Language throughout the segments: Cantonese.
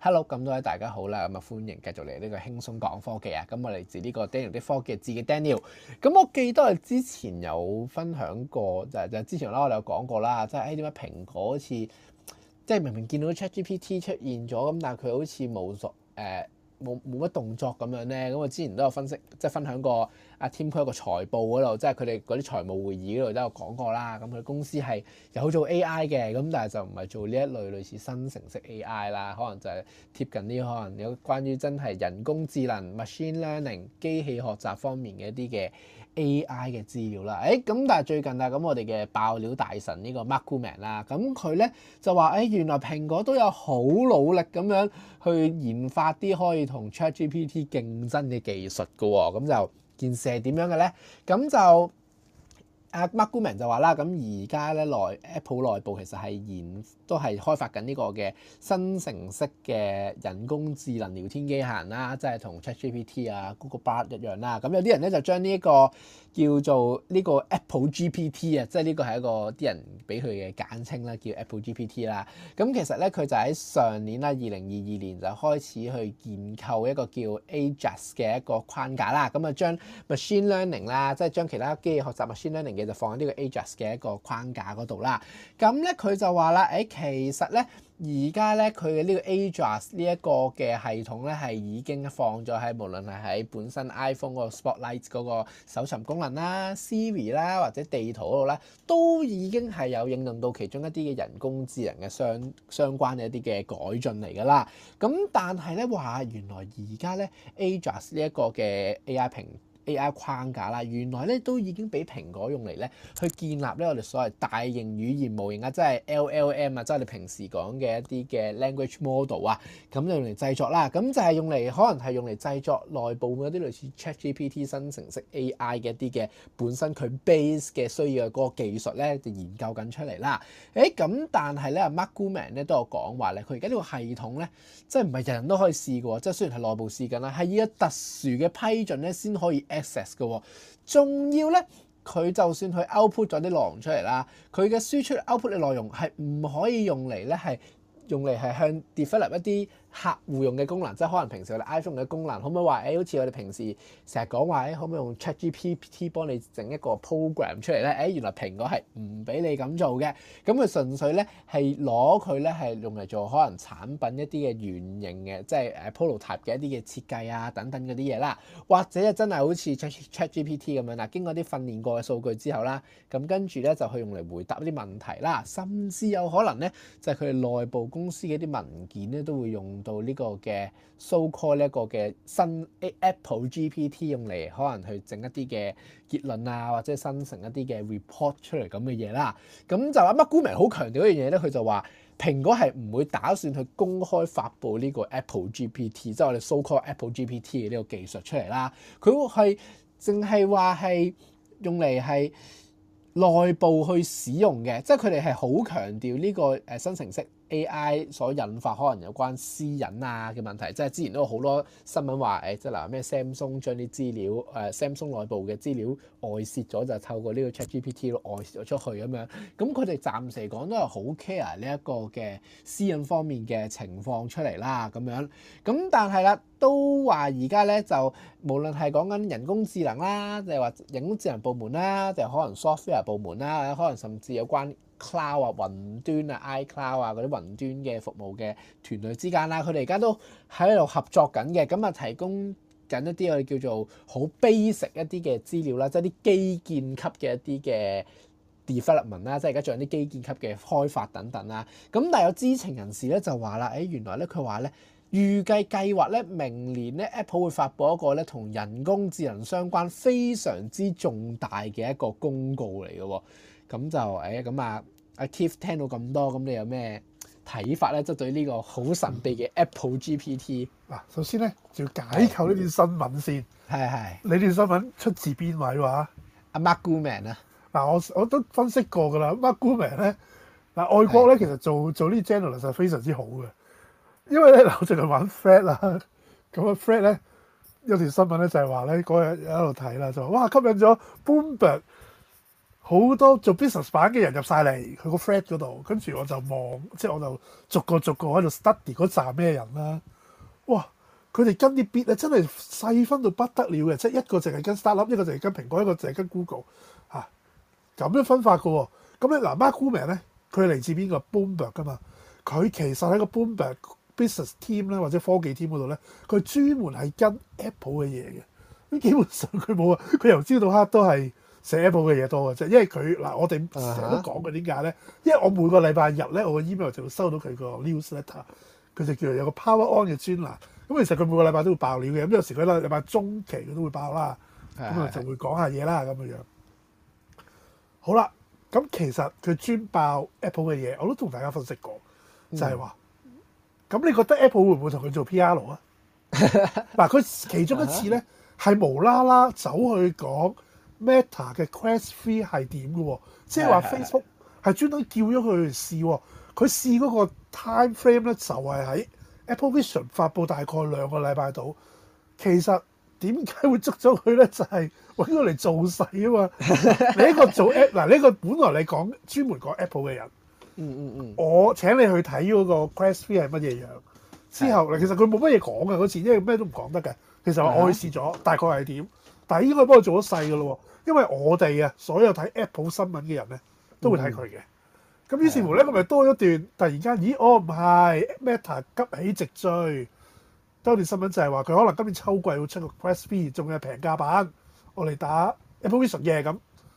Hello，咁多位大家好啦，咁啊歡迎繼續嚟呢個輕鬆講科技啊，咁、嗯、我嚟自呢個 Daniel 啲科技，字嘅 Daniel。咁、嗯、我記得之前有分享過，就係就係、之前啦，我哋有講過啦，即係誒點解蘋果好似即係明明見到 ChatGPT 出現咗，咁但係佢好似冇做誒冇冇乜動作咁樣咧？咁、嗯、我之前都有分析，即係分享過。阿 Tim Cook 個財報嗰度，即係佢哋嗰啲財務會議嗰度都有講過啦。咁佢公司係有做 AI 嘅，咁但係就唔係做呢一類類似生成式 AI 啦，可能就係貼近啲可能有關於真係人工智能 machine learning 機器學習方面嘅一啲嘅 AI 嘅資料啦。誒、欸、咁，但係最近啊，咁我哋嘅爆料大神呢個 Mark Gurman 啦，咁佢咧就話誒、欸、原來蘋果都有好努力咁樣去研發啲可以同 Chat GPT 競爭嘅技術嘅喎，咁就。件事係點樣嘅呢？咁就。阿 Mark Gurman 就話啦，咁而家咧內 Apple 內部其實係研都係開發緊呢個嘅生成式嘅人工智能聊天機械人啦，即係同 ChatGPT 啊、Google Bard 一樣啦。咁有啲人咧就將呢一個叫做呢個 Apple GPT 啊，即係呢個係一個啲人俾佢嘅簡稱啦，叫 Apple GPT 啦。咁其實咧佢就喺上年啦，二零二二年就開始去建構一個叫 Ajax 嘅一個框架啦。咁啊將 Machine Learning 啦，即係將其他機器學習 Machine Learning，其就放喺呢個 Ajax 嘅一個框架嗰度啦。咁咧佢就話啦，誒其實咧而家咧佢嘅呢，呢個 Ajax 呢一個嘅系統咧係已經放咗喺無論係喺本身 iPhone 個 Spotlight 嗰個搜尋功能啦、Siri 啦或者地圖嗰度啦，都已經係有應用到其中一啲嘅人工智能嘅相相關嘅一啲嘅改進嚟㗎啦。咁但係咧話原來而家咧 Ajax 呢一個嘅 AI 平 AI 框架啦，原來咧都已經俾蘋果用嚟咧，去建立咧我哋所謂大型語言模型啊，即係 LLM 啊，即係你平時講嘅一啲嘅 language model 啊，咁就用嚟製作啦，咁、啊、就係用嚟可能係用嚟製作內部嗰啲類似 ChatGPT 生成式 AI 嘅一啲嘅本身佢 base 嘅需要嘅嗰個技術咧，就研究緊出嚟啦。誒、啊，咁但係咧 Mark Gurman 咧都有講話咧，佢而家呢個系統咧，即係唔係人人都可以試嘅、啊、即係雖然係內部試緊啦，係要有特殊嘅批准咧先可以。access 嘅喎，仲要咧，佢就算佢 output 咗啲內容出嚟啦，佢嘅輸出 output 嘅內容係唔可以用嚟咧，係用嚟係向 develop 一啲。客戶用嘅功能，即係可能平時我哋 iPhone 嘅功能，可唔可以話誒、欸、好似我哋平時成日講話誒，可唔可以用 ChatGPT 幫你整一個 program 出嚟咧？誒、欸、原來蘋果係唔俾你咁做嘅，咁佢純粹咧係攞佢咧係用嚟做可能產品一啲嘅原型嘅，即係誒 prototype 嘅一啲嘅設計啊等等嗰啲嘢啦，或者啊真係好似 ChatGPT 咁樣啦，經過啲訓練過嘅數據之後啦，咁跟住咧就去用嚟回答一啲問題啦，甚至有可能咧就係佢哋內部公司嘅一啲文件咧都會用。到呢個嘅 so call 呢一個嘅新 Apple GPT 用嚟可能去整一啲嘅結論啊，或者生成一啲嘅 report 出嚟咁嘅嘢啦。咁就阿 Gurman 好強調一樣嘢咧，佢就話蘋果係唔會打算去公開發布呢個 Apple GPT，即係我哋 so call Apple GPT 嘅呢個技術出嚟啦。佢係淨係話係用嚟係，內部去使用嘅，即係佢哋係好強調呢個誒新程式 AI 所引發可能有關私隱啊嘅問題。即係之前都有好多新聞話誒、欸，即係嗱咩 Samsung 將啲資料誒、呃、Samsung 內部嘅資料外泄咗，就透過呢個 ChatGPT 外泄咗出去咁樣。咁佢哋暫時嚟講都係好 care 呢一個嘅私隱方面嘅情況出嚟啦。咁樣咁但係啦。都話而家咧就無論係講緊人工智能啦，即係話人工智能部門啦，就可能 software 部門啦，可能甚至有關 cloud 啊、雲端啊、iCloud 啊嗰啲雲端嘅服務嘅團隊之間啦，佢哋而家都喺度合作緊嘅，咁啊提供緊一啲我哋叫做好 basic 一啲嘅資料啦，即係啲基建級嘅一啲嘅 development 啦，即係而家仲有啲基建級嘅開發等等啦。咁但係有知情人士咧就話啦，誒、哎、原來咧佢話咧。預計計劃咧，明年咧，Apple 會發布一個咧同人工智能相關非常之重大嘅一個公告嚟嘅喎。咁就誒，咁、哎、啊，阿、啊、Tiff 聽到咁多，咁你有咩睇法咧？即係對呢個好神秘嘅 Apple GPT。啊，首先咧就要解構呢段新聞先。係係。你段新聞出自邊位話？阿、啊、Mark Gurman 啊。嗱，我我都分析過㗎啦。Mark Gurman 咧，嗱，外國咧的其實做做呢 journalism 非常之好嘅。因為咧，嗱我淨係玩 f r e t 啦，咁啊 f r e t 咧有條新聞咧就係話咧嗰日喺度睇啦，就哇吸引咗 Bloomberg 好多做 business 版嘅人入晒嚟佢個 f r e t 嗰度，跟住我就望，即係我就逐個逐個喺度 study 嗰站咩人啦。哇！佢哋跟啲 beat 啊，呢真係細分到不得了嘅，即係一個淨係跟 Startup 一個淨係跟蘋果，一個淨係跟 Google 嚇、啊、咁樣分法噶喎。咁你嗱，Mark Gurman 咧佢嚟自邊個 Bloomberg 噶嘛？佢其實係一個 Bloomberg Business team 咧或者科技 team 嗰度咧，佢專門係跟 Apple 嘅嘢嘅，咁基本上佢冇啊，佢由朝到黑都係寫 Apple 嘅嘢多嘅啫。因為佢嗱，我哋成日都講嘅點解咧，因為我每個禮拜日咧，我個 email 就會收到佢個 newsletter，佢就叫做有個 Power On 嘅專欄。咁、嗯、其實佢每個禮拜都會爆料嘅，咁有時佢禮拜中期佢都會爆啦，咁啊就會講下嘢啦咁嘅樣。好、嗯、啦，咁其實佢專爆 Apple 嘅嘢，我都同大家分析過，就係話，嗯咁你覺得 Apple 會唔會同佢做 PR 啊？嗱，佢其中一次咧係、uh huh. 無啦啦走去講 Meta 嘅 Quest Three 係點嘅喎？即係話 Facebook 係專登叫咗佢去試喎、哦。佢試嗰個 Time Frame 咧就係、是、喺 Apple Vision 發布大概兩個禮拜度。其實點解會捉咗佢咧？就係揾咗嚟做勢啊嘛！ 你一個做 Apple 嗱，呢個本來你講專門講 Apple 嘅人。嗯嗯嗯，我請你去睇嗰個 Quest 3係乜嘢樣之後，嗱的其實佢冇乜嘢講嘅嗰次，因為咩都唔講得嘅。其實我我去試咗，的大概係點，但係應該幫佢做咗細嘅咯。因為我哋啊所有睇 Apple 新聞嘅人咧，都會睇佢嘅。咁、嗯、於是乎咧，佢咪的多一段。突然間咦，我、哦、唔係 Meta 急起直追，多段新聞就係話佢可能今年秋季會出個 Quest 3，仲有平價版，我嚟打 Apple Vision 嘅、yeah, 咁，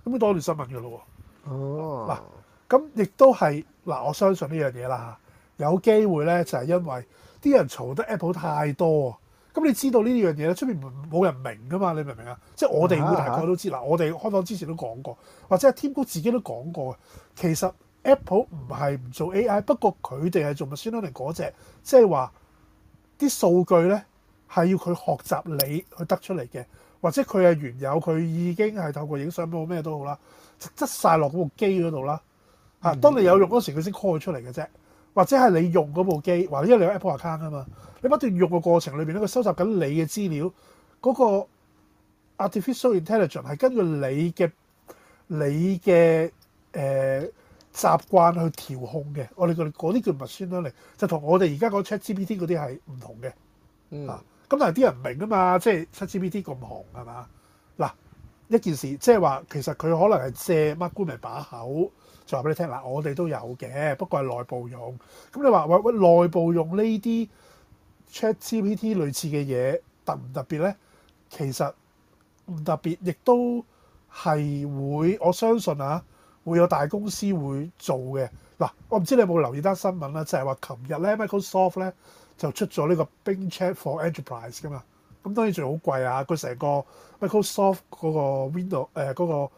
咁都多段新聞嘅咯。哦、啊，嗱、啊。咁亦都係嗱，我相信呢樣嘢啦嚇，有機會咧就係、是、因為啲人嘈得 Apple 太多啊！咁你知道呢樣嘢咧，出邊冇人明噶嘛？你明唔明啊？即係我哋會大概都知啊啊啦。我哋開講之前都講過，或者係天哥自己都講過。其實 Apple 唔係唔做 AI，不過佢哋係做 machine learning 嗰隻，即係話啲數據咧係要佢學習你去得出嚟嘅，或者佢係原有佢已經係透過影相咩都好啦，執晒落嗰部機嗰度啦。嚇！當你有用嗰時，佢先 call 出嚟嘅啫。或者係你用嗰部機，或者因為你有 Apple account 啊嘛，你不斷用嘅過程裏邊咧，佢收集緊你嘅資料。嗰個 artificial intelligence 係根據你嘅你嘅誒、呃、習慣去調控嘅。我哋嗰啲叫 machine learning 就我同我哋而家講 ChatGPT 嗰啲係唔同嘅。嗯、啊！咁但係啲人唔明啊嘛，即係 ChatGPT 咁紅係嘛？嗱，一件事，即係話其實佢可能係借 Mark Gurman 把口。就話俾你聽嗱，我哋都有嘅，不過係內部用。咁你話喂喂內部用呢啲 ChatGPT 類似嘅嘢，特唔特別咧？其實唔特別，亦都係會我相信啊，會有大公司會做嘅。嗱、啊，我唔知你有冇留意單新聞咧、啊，就係話琴日咧 Microsoft 咧就出咗呢個 Bing Chat for Enterprise 㗎嘛。咁當然仲好貴啊，佢成個 Microsoft 嗰個 Window 誒、呃、嗰、那個。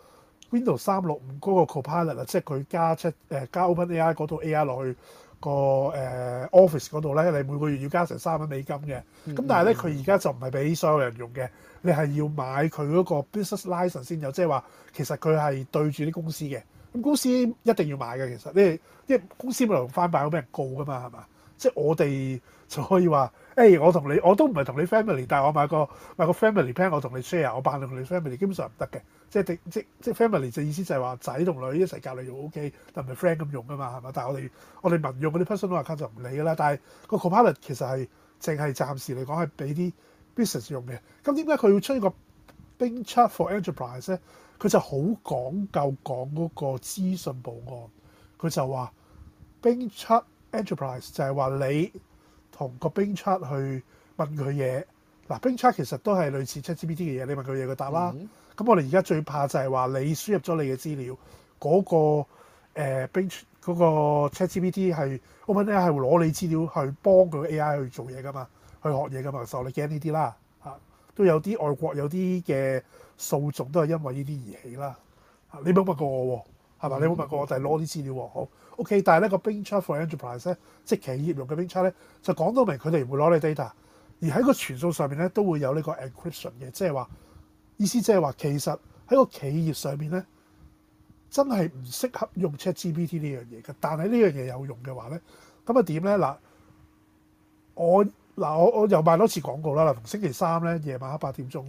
Windows 三六五嗰個 Copilot 啊，ilot, 即係佢加出誒加 OpenAI 嗰套 AI 落去、個誒、呃、Office 嗰度咧，你每個月要加成三蚊美金嘅。咁但係咧，佢而家就唔係俾所有人用嘅，你係要買佢嗰個 Business License 先有，即係話其實佢係對住啲公司嘅。咁公司一定要買嘅，其實你因為公司冇用翻版，會俾人告噶嘛，係嘛？即係我哋就可以話誒、欸，我同你我都唔係同你 Family，但係我買個買個 Family Plan，我同你 share，我扮同你 Family，基本上唔得嘅。即係即即即 family 就意思就係話仔同女一齊教你用 O.K.，但唔係 friend 咁用噶嘛，係嘛？但係我哋我哋民用嗰啲 personal account 就唔理啦。但係個 component 其實係淨係暫時嚟講係俾啲 business 用嘅。咁點解佢要出呢個 Bing Chat for Enterprise 咧？佢就好講究講嗰個資訊保安。佢就話 Bing Chat Enterprise 就係話你同個 Bing Chat 去問佢嘢。嗱，Bing Chat 其實都係類似 ChatGPT 嘅嘢，你問佢嘢佢答啦。咁、mm hmm. 我哋而家最怕就係話你輸入咗你嘅資料，嗰、那個、呃、Bing Chat t ChatGPT 係 OpenAI 係會攞你資料去幫佢嘅 AI 去做嘢噶嘛，去學嘢噶嘛，所以我哋驚呢啲啦。嚇、啊，都有啲外國有啲嘅訴訟都係因為呢啲而起啦、啊。你冇問過我喎、啊，係嘛？Mm hmm. 你冇問過我，但係攞啲資料喎、啊。好，OK 但。但係咧個 Bing Chat for Enterprise 咧，即係企業用嘅 Bing Chat 咧，就講到明佢哋唔會攞你 data。而喺個傳送上面咧，都會有呢個 encryption 嘅，即係話意思即係話其實喺個企業上面咧，真係唔適合用 ChatGPT 呢樣嘢嘅。但係呢樣嘢有用嘅話咧，咁啊點咧嗱？我嗱我我又賣多次廣告啦嗱，逢星期三咧夜晚黑八點鐘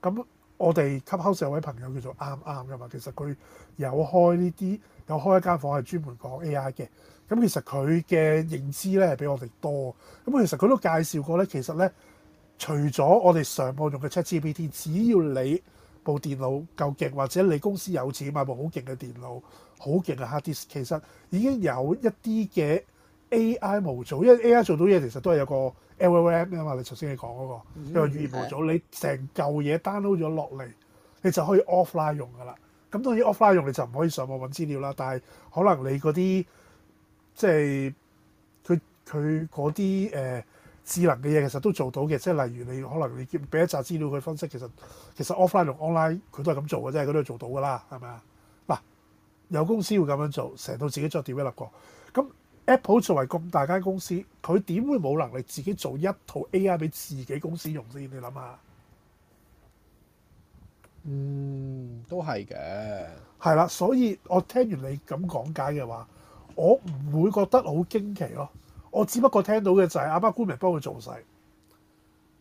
咁。我哋吸溝社位朋友叫做啱啱噶嘛，其實佢有開呢啲，有開一間房係專門講 AI 嘅。咁其實佢嘅認知咧係比我哋多。咁其實佢都介紹過咧，其實咧除咗我哋上網用嘅七 h a g p t 只要你部電腦夠勁，或者你公司有錢買部好勁嘅電腦，好勁嘅 h a r d d i s k 其實已經有一啲嘅 AI 模組，因為 AI 做到嘢其實都係有個。LLM 啊嘛，L L M, 你頭先你講嗰個，因為、嗯、語言模組，的你成嚿嘢 download 咗落嚟，你就可以 offline 用噶啦。咁當然 offline 用你就唔可以上網揾資料啦。但係可能你嗰啲即係佢佢嗰啲誒智能嘅嘢，其實都做到嘅。即係例如你可能你俾一紮資料佢分析，其實其實 offline 用 online 佢都係咁做嘅啫，佢都做到噶啦，係咪啊？嗱，有公司會咁樣做，成到自己作 develop 過咁。Apple 作為咁大間公司，佢點會冇能力自己做一套 AI 俾自己公司用先？你諗下，嗯，都係嘅。係啦，所以我聽完你咁講解嘅話，我唔會覺得好驚奇咯、哦。我只不過聽到嘅就係阿班姑明幫佢做晒。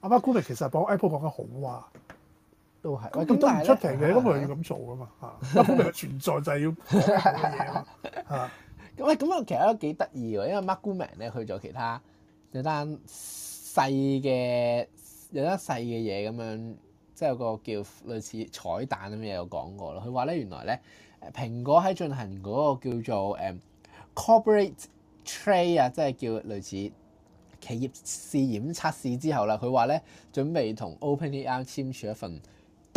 阿班姑明其實幫 Apple 講緊好話、啊，都係是咁都唔出奇嘅。因為要咁做噶嘛？啊，咁咪存在就係要講好嘢啊！ 喂，咁啊，其實都幾得意喎，因為 Mark Gurman 咧去咗其他一單細嘅有一細嘅嘢咁樣，即係個叫類似彩蛋咁嘅嘢有講過咯。佢話咧原來咧蘋果喺進行嗰個叫做誒、um, corporate trade 啊，即係叫類似企業試驗測試之後啦。佢話咧準備同 OpenAI、ER、簽署一份。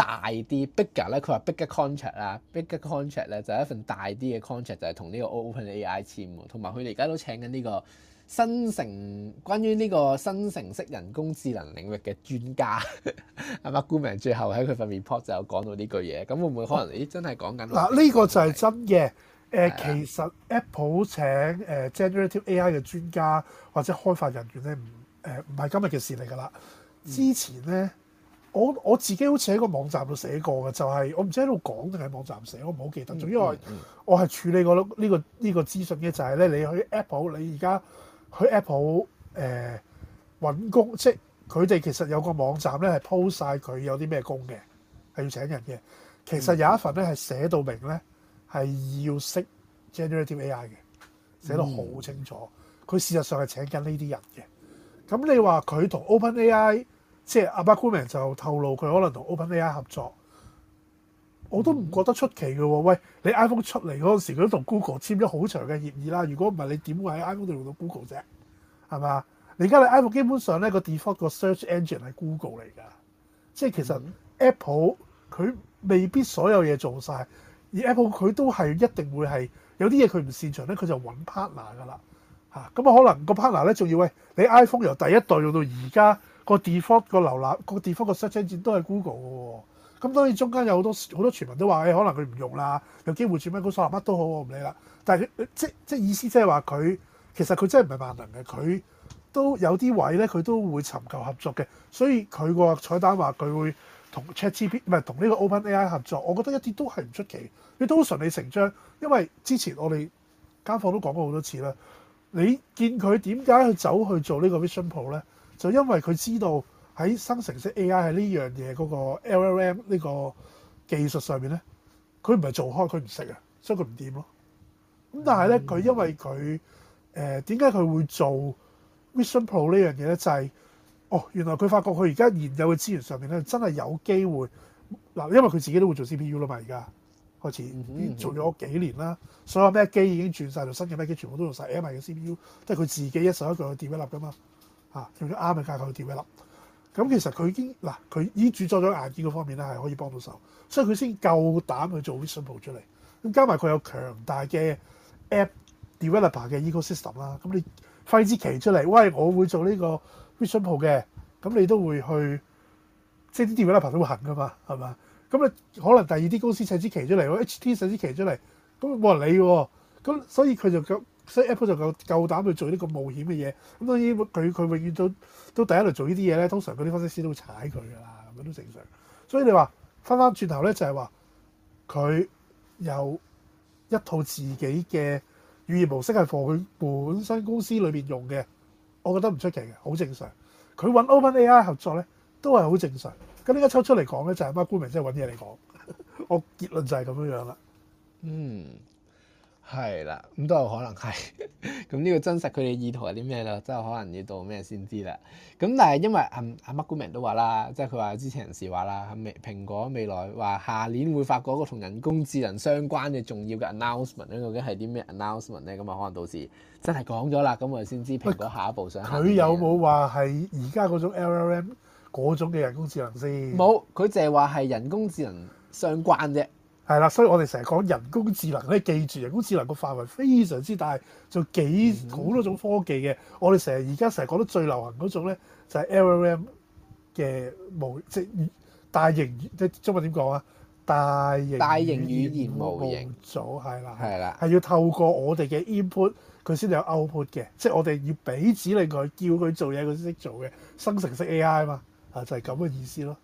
大啲，bigger 咧，佢 Big 話 bigger contract 啦，bigger contract 咧就係一份大啲嘅 contract，就係同呢個 open AI team 同埋佢哋而家都請緊呢個生成，關於呢個生成式人工智能領域嘅專家。阿 Gurman 最後喺佢份 report 就有講到呢句嘢，咁會唔會可能咦真係講緊？嗱呢、啊、個就係真嘅。誒、呃啊、其實 Apple 請誒、呃、generative AI 嘅專家或者開發人員咧，唔誒唔係今日嘅事嚟㗎啦。之前咧。嗯我我自己好似喺個網站度寫過嘅，就係、是、我唔知喺度講定喺網站寫，我唔好記得咗。嗯、因為我係處理過呢、這、呢個呢、這個這個資訊嘅，就係咧你去 Apple，你而家去 Apple 誒、呃、揾工，即係佢哋其實有個網站咧係 post 晒、e、佢有啲咩工嘅，係要請人嘅。其實有一份咧係寫到明咧，係要識 generative AI 嘅，寫得好清楚。佢、嗯、事實上係請緊呢啲人嘅。咁你話佢同 Open AI？即係阿 Gurman 就透露佢可能同 OpenAI 合作，我都唔覺得出奇嘅哦。喂，你 iPhone 出嚟嗰陣時，佢都同 Google 簽咗好長嘅協議啦。如果唔係，你點會喺 iPhone 度用到 Google 啫？係嘛？你而家你 iPhone 基本上咧個 default 個 search engine 係 Google 嚟㗎。即係其實 Apple 佢未必所有嘢做晒，而 Apple 佢都係一定會係有啲嘢佢唔擅長咧，佢就揾 partner 㗎啦嚇。咁啊，可能個 partner 咧仲要喂你 iPhone 由第一代用到而家。個 default 個瀏覽，個 default 個 search engine 都係 Google 嘅喎。哦，咁當然中間有好多好多傳聞都話誒、欸，可能佢唔用啦，有機會轉翻 Google 所乜都好，我唔理啦。但係即即意思即係話佢其實佢真係唔係萬能嘅，佢都有啲位咧，佢都會尋求合作嘅。所以佢個彩蛋話佢會同 ChatGPT 唔係同呢個 OpenAI 合作，我覺得一啲都係唔出奇，亦都好順理成章，因為之前我哋間房都講過好多次啦。你見佢點解去走去做呢個 Vision Pro 咧？就因為佢知道喺生成式 A I 喺呢樣嘢嗰個 L L M 呢個技術上面咧，佢唔係做開佢唔識啊，所以佢唔掂咯。咁但係咧，佢的因為佢誒點解佢會做 Vision Pro 呢樣嘢咧？就係、是、哦，原來佢發覺佢而家現有嘅資源上面咧，真係有機會嗱，因為佢自己都會做 C P U 啦嘛，而家開始已經做咗幾年啦，所有 Mac 機已經轉晒，條新嘅 Mac 機，全部都用曬埋嘅 C P U，即係佢自己一手一腳去掂一粒噶嘛。嚇用咗啱嘅架構去點一粒，咁、啊、其實佢已經嗱佢、啊、已注作咗硬件嗰方面咧係可以幫到手，所以佢先夠膽去做 Vision Pro 出嚟。咁、啊、加埋佢有強大嘅 app developer 嘅 ecosystem 啦、啊。咁你費支旗出嚟，喂，我會做呢個 Vision Pro 嘅，咁你都會去，即係啲 developer 都會行噶嘛，係嘛？咁你可能第二啲公司砌支旗出嚟、啊、HT 砌支旗出嚟，咁冇人理喎，咁、啊、所以佢就咁。所以 Apple 就夠夠膽去做呢個冒險嘅嘢，咁當然佢佢永遠都都第一嚟做呢啲嘢咧，通常嗰啲分析師都會踩佢噶啦，咁樣都正常。所以你話翻翻轉頭咧，就係話佢有一套自己嘅語言模式係放佢本身公司裏邊用嘅，我覺得唔出奇嘅，好正常。佢揾 OpenAI 合作咧，都係好正常。咁呢家抽出嚟講咧，就係乜？官明真係揾嘢嚟講， 我結論就係咁樣樣啦。嗯。係啦，咁都有可能係。咁呢 個真實佢哋意圖係啲咩咯？即係可能要到咩先知啦。咁但係因為阿阿、啊、Mark Gurman 都話啦，即係佢話有知情人士話啦，未蘋果未來話下年會發嗰個同人工智能相關嘅重要嘅 announcement 咧，究竟係啲咩 announcement 咧？咁啊，可能到時真係講咗啦，咁我哋先知蘋果下一步想，佢有冇話係而家嗰種 LLM 嗰種嘅人工智能先？冇，佢淨係話係人工智能相關啫。係啦，所以我哋成日講人工智能咧，記住人工智能個範圍非常之大，做幾好多種科技嘅。嗯、我哋成日而家成日講得最流行嗰種咧，就係、係、LLM 嘅模，即係大型即係中文點講啊？大型大型語言模型組，係啦，係啦了，係要透過我哋嘅 input 佢先有 output 嘅，即係我哋要俾指令佢，叫佢做嘢，佢先識做嘅，生成式 AI 嘛，啊就係咁嘅意思咯。